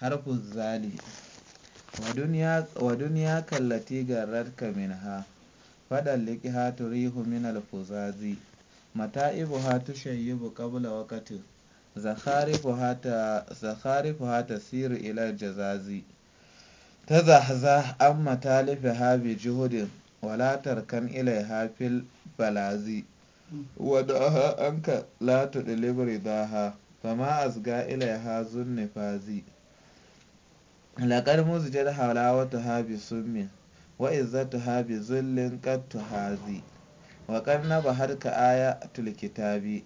harfu zali wa duniya kallati garratka minha faɗan liƙiha turihu min mata'ibu ha tushayyibu qabla waqtin zakharifuha tasiru ila aljazazi tazahzah an ha bi juhudin wala tarkan ha fil balazi ودعها anka la تدلب رضاها fama azga ila ذو النفاذ laƙar muzijar ta habi summin wa izzatu habi zullin qattu hazi wa ka harka ayatul kitabi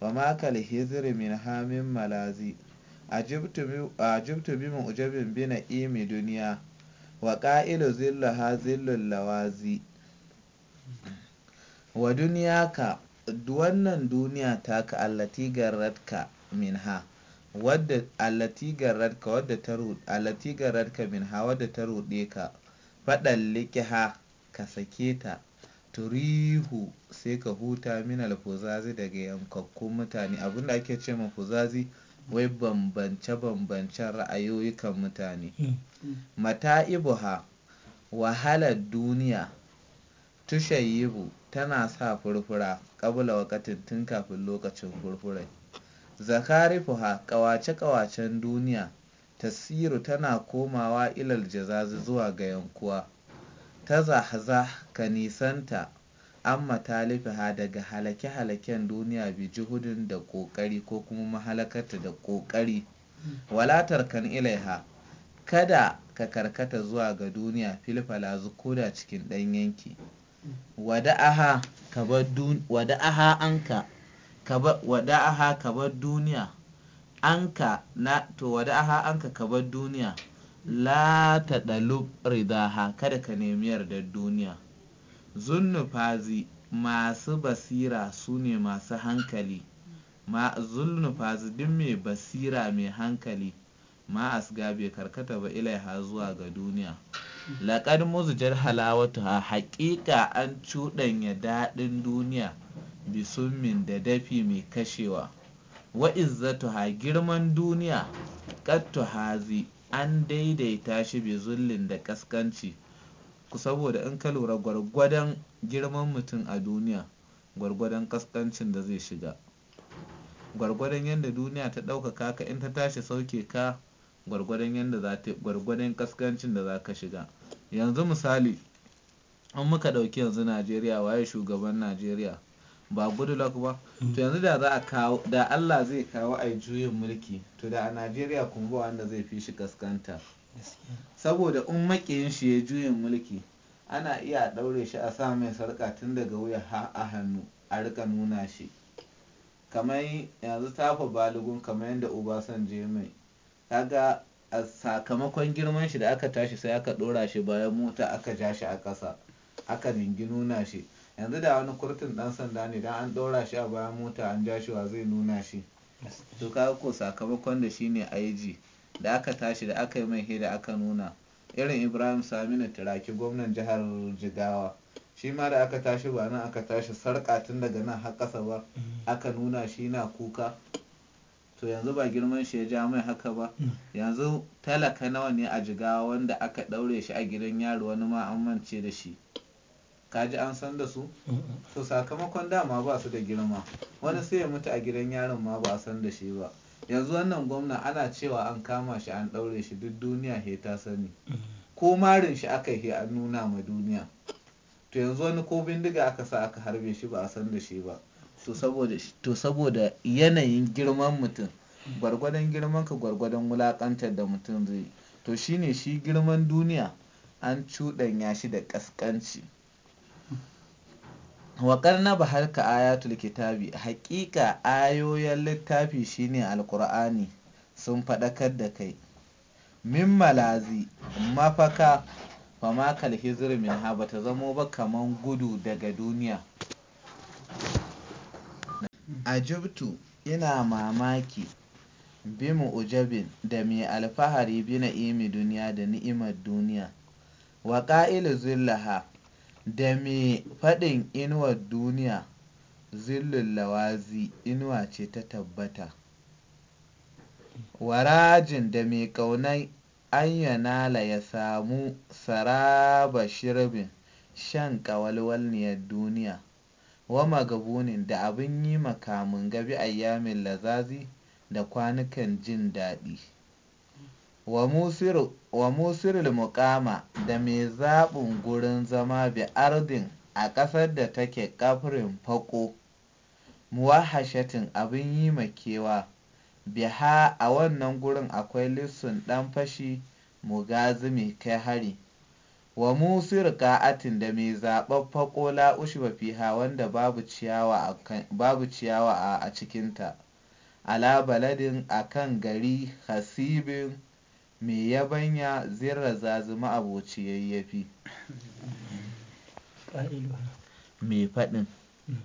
wa ma kal min hamin malazi jibtu bi ujabin bi na imi duniya wa zillu ha zillun lawazi wa duniyaka wannan duniya taka allati garratka ha. wadda allati radka min ha wadda ta rude ka faɗan ha ka sake ta turihu sai ka huta min alfuzazi daga yankakkun mutane abinda ake ce ma fuzazi wai bambance-bambancen ra'ayoyikan mutane hmm. ha wahalar duniya tushayibu tana sa furfura kabula wakatin tun kafin lokacin furfurai Zakari Fuha, ƙawace-ƙawacen duniya tasiru tana komawa ilal jazazi zuwa ga yankuwa ta zahzah ka nisanta an daga halake-halaken duniya bi juhudin da ƙoƙari ko kuma mahalakata da ƙoƙari walatar kan ilaiha kada ka karkata zuwa ga duniya filfala koda cikin ɗan yanki an anka wada'aha kabar duniya anka na to wada'aha anka kabar duniya la ta ɗalub ridaha kada ka nemi yardar duniya zunnufazi masu basira su ne masu hankali ma din din mai basira mai hankali ma asga bai karkata ba ilaiha zuwa ga duniya laƙar muzujar halawatu ha haƙiƙa an cuɗanya daɗin duniya bisummin da dafi mai kashewa wa ha girman duniya qattu hazi an daidaita shi bi zullin da kaskanci ku saboda in ka lura gwargwadon girman mutum a duniya gwargwadon kaskancin da zai shiga gwargwadon yadda duniya ta ɗaukaka ka in ta tashi sauke ka gwargwadon yadda za ta gwargwadon kaskancin da za ka shiga yanzu misali an muka ɗauki yanzu najeriya waye shugaban najeriya ba goodluck ba hmm. to yanzu da za a kawo da allah zai kawo a juyin mulki to da a najeriya kuma ba wanda zai fi shi kaskanta saboda in makiyin shi ya juyin mulki ana iya daure shi a sa mai sarka tun daga wuya a hannu a rika nuna shi kamar yanzu tafa balogun kamar yadda obasanjo je mai kaga a sakamakon girman shi da aka tashi sai aka dora shi bayan mota aka ja shi a ƙasa aka ningi nuna shi yanzu da wani kurtin dan sanda ne dan an ɗaura shi a bayan mota an ja shi wa zai nuna shi to ka ko sakamakon da shine IG da aka tashi da aka yi mai hira aka nuna irin Ibrahim Saminu Turaki gwamnan jihar Jigawa shi ma da aka tashi ba nan aka tashi sarka tun daga nan har kasa ba mm. aka nuna shi na kuka to yanzu ba girman shi ya ja mai haka ba mm. yanzu talaka nawa ne a jigawa wanda aka ɗaure shi a gidan yaro wani ma an mance da shi kaji an san da su to sakamakon dama ba su da girma wani sai ya mutu a gidan yaron ma ba a san da shi ba yanzu wannan gwamna ana cewa an kama shi an ɗaure shi duk duniya he ta sani ko marin shi aka he an nuna ma duniya to yanzu wani ko bindiga aka sa aka harbe shi ba a san da shi ba to saboda yanayin girman mutum mm. gwargwadon girman ka gwargwadon wulakantar da mutum zai to shine shi girman duniya an cuɗanya shi da ƙasƙanci waƙar na baharka ayatul kitabi haƙiƙa ayoyin littafi shine alƙur'ani sun faɗakar da kai min malazi mafaka fama kal hizir min ha bata zamo ba kaman gudu daga duniya ajibtu ina mamaki bi ujabin da mai alfahari bi imi duniya da ni'imar duniya wa ƙa'ilu zillaha Da me faɗin inuwar duniya, zillul lawazi inuwa ce ta tabbata. Warajin da mai ƙaunai, an ya samu saraba shirbin shan ƙawalwalniyar duniya, wa magabunin da abin yi ma gabi ayyamin lazazi da kwanukan jin daɗi. wa musiril muƙama da mai zaɓin gurin zama bi ardin a ƙasar da take ƙafrin faƙo muwahashatin abin yi makewa biha a wannan gurin akwai lissun ɗan fashi mai kai hari wa musir ka'atin da mai zaɓar fako la'ushi ba fiha wanda babu ciyawa a cikinta ala baladin akan gari hasibin mai yabanya zirra zazuma aboci yayyafi mai faɗin hmm.